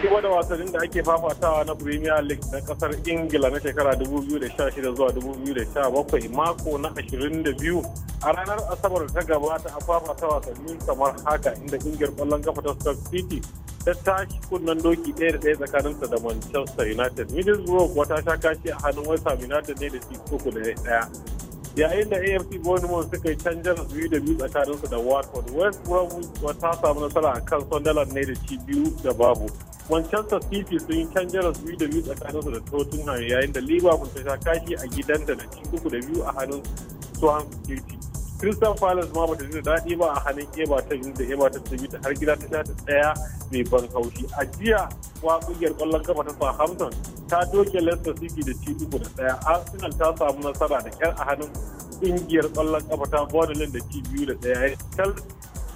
ci gaba da wasannin da ake fafatawa na Premier League na kasar Ingila na shekara 2016 zuwa 2017 mako na 22 a ranar Asabar ta gabata a fafata wasannin kamar haka inda kungiyar kwallon kafa ta Stoke City ta tashi kunnen doki ɗaya da ɗaya ta da Manchester United. Middlesbrough wata ta kashi a hannun West Ham United ne da ci uku da ɗaya. yayin da afc bournemouth suka yi canjar biyu da biyu tsakaninsu da watford west bromwich ta samu nasara a kan sunderland ne da ci biyu da babu Manchester City sun yi canjar su da biyu su da Tottenham yayin da Liverpool ta sha kashi a gidan da ci uku da biyu a hannun Swansea City. Crystal Palace ma bata ji da daɗi ba a hannun Everton inda Everton ta da har gida ta sha ta tsaya mai ban haushi. A jiya wa ƙungiyar ƙwallon kafa ta Southampton ta doke Leicester City da ci uku da ɗaya. Arsenal ta samu nasara da kyar a hannun kungiyar ƙwallon kafa ta Borderland da ci biyu da ɗaya. Chelsea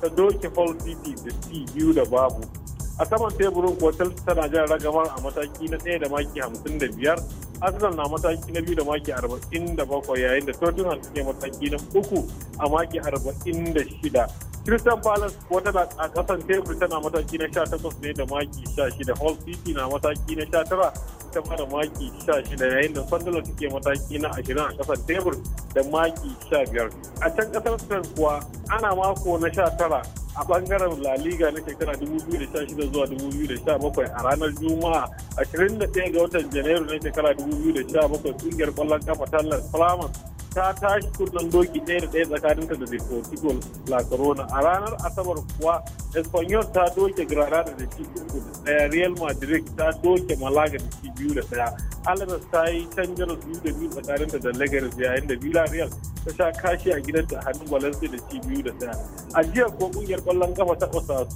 ta doke Hull City da ci biyu da babu. a saman teburin kotel tana jan ragamar a mataki na 1 da maki 55 arsenal na mataki na biyu da maki 47 da bakwai yayin da tottenham suke mataki na uku a maki 46. christian shida Crystal Palace wata a kasan tebur tana mataki na 18 ne da maki 16 Hull City na mataki na 19 ita ma da maki 16 yayin da Sunderland suke mataki na 20 a kasan tebur da maki 15 a can kasar san kuwa ana mako na 19 a bangaren la liga na shekara 2016 zuwa 2017 a ranar juma'a 21 ga watan janairu na shekara 2017 kungiyar kwallon kafa ta flamers ta tashi kurnan doki ɗaya da ɗaya tsakaninta da deportivo la corona a ranar asabar kuwa espanyol ta doke granada da ci uku da ɗaya real madrid ta doke malaga da ci biyu da ɗaya alabas ta yi canjar biyu da biyu tsakaninta da lagares yayin da villarreal ta sha kashi a gidan ta hannun valencia da ci biyu da ɗaya a jiya ko kungiyar ƙwallon kafa ta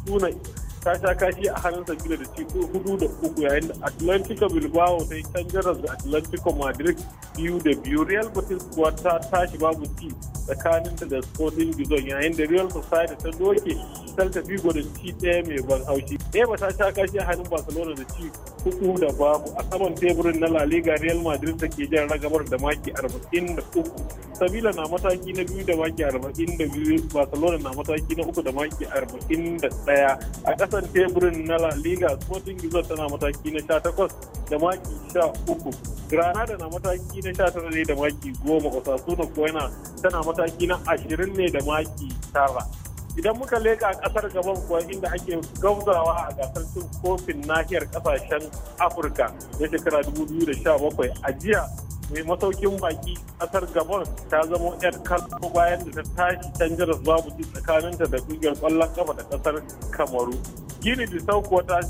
suna ta sha kashi a hannun sabila da ci hudu da uku yayin da atlantico bilbao ta yi canjaras da atlantico madrid biyu da biyu real betis kuwa ta tashi babu ci tsakanin ta da sporting gizon yayin da real society ta doke celta vigo da ci ɗaya mai ban haushi ɗaya ba ta sha kashi a hannun barcelona da ci hudu da babu a saman teburin na La Liga Real Madrid da ke jan ragamar da maki 43. Sabila na mataki na biyu da maki 42, Barcelona na mataki na uku da maki 41. A kasan teburin na La Liga, Sporting Gizon tana mataki na 18 da maki 13. Granada na mataki na 19 ne da maki 10, Osasuna kuwa tana mataki na 20 ne da maki 9. idan muka leka kasar gaban kuwa inda ake gauzawa a gasar cin kofin nahiyar kasashen afirka na shekara 2017 a jiya mai masaukin baki kasar gabon ta zama yar kalmar bayan da ta tashi can jiras babu tsakaninta da kungiyar kwallon kafa da kasar kamaru gini da saukowa ta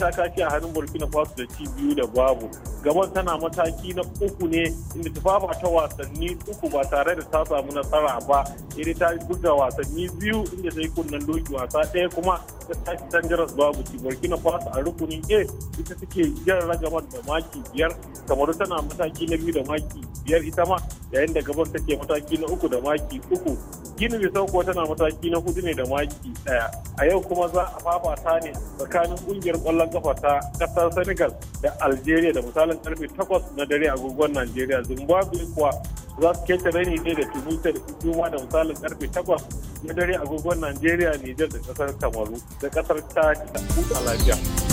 sha kashi a hannun burkina faso da ci biyu da babu gaban tana mataki na uku ne inda ta fafa ta wasanni uku ba tare da ta samu nasara ba iri ta buga wasanni biyu inda ta yi kunnen doki wasa ɗaya kuma ta tashi tanjaras babu ci burkina faso a rukunin a ita take jan ragamar da maki biyar kamar tana mataki na biyu da maki biyar ita ma yayin da gaban take mataki na uku da maki uku gini da sauko tana mataki na hudu ne da maki daya a yau kuma za a fafata ne tsakanin kungiyar kwallon kafa ta kasar senegal da algeria da misalin karfe takwas na dare agogon nigeria zimbabwe kuwa za su keta rani ne da tunisia da kuma da misalin karfe 8 na dare agogon nigeria niger da kasar kamaru da kasar ta da kuta lafiya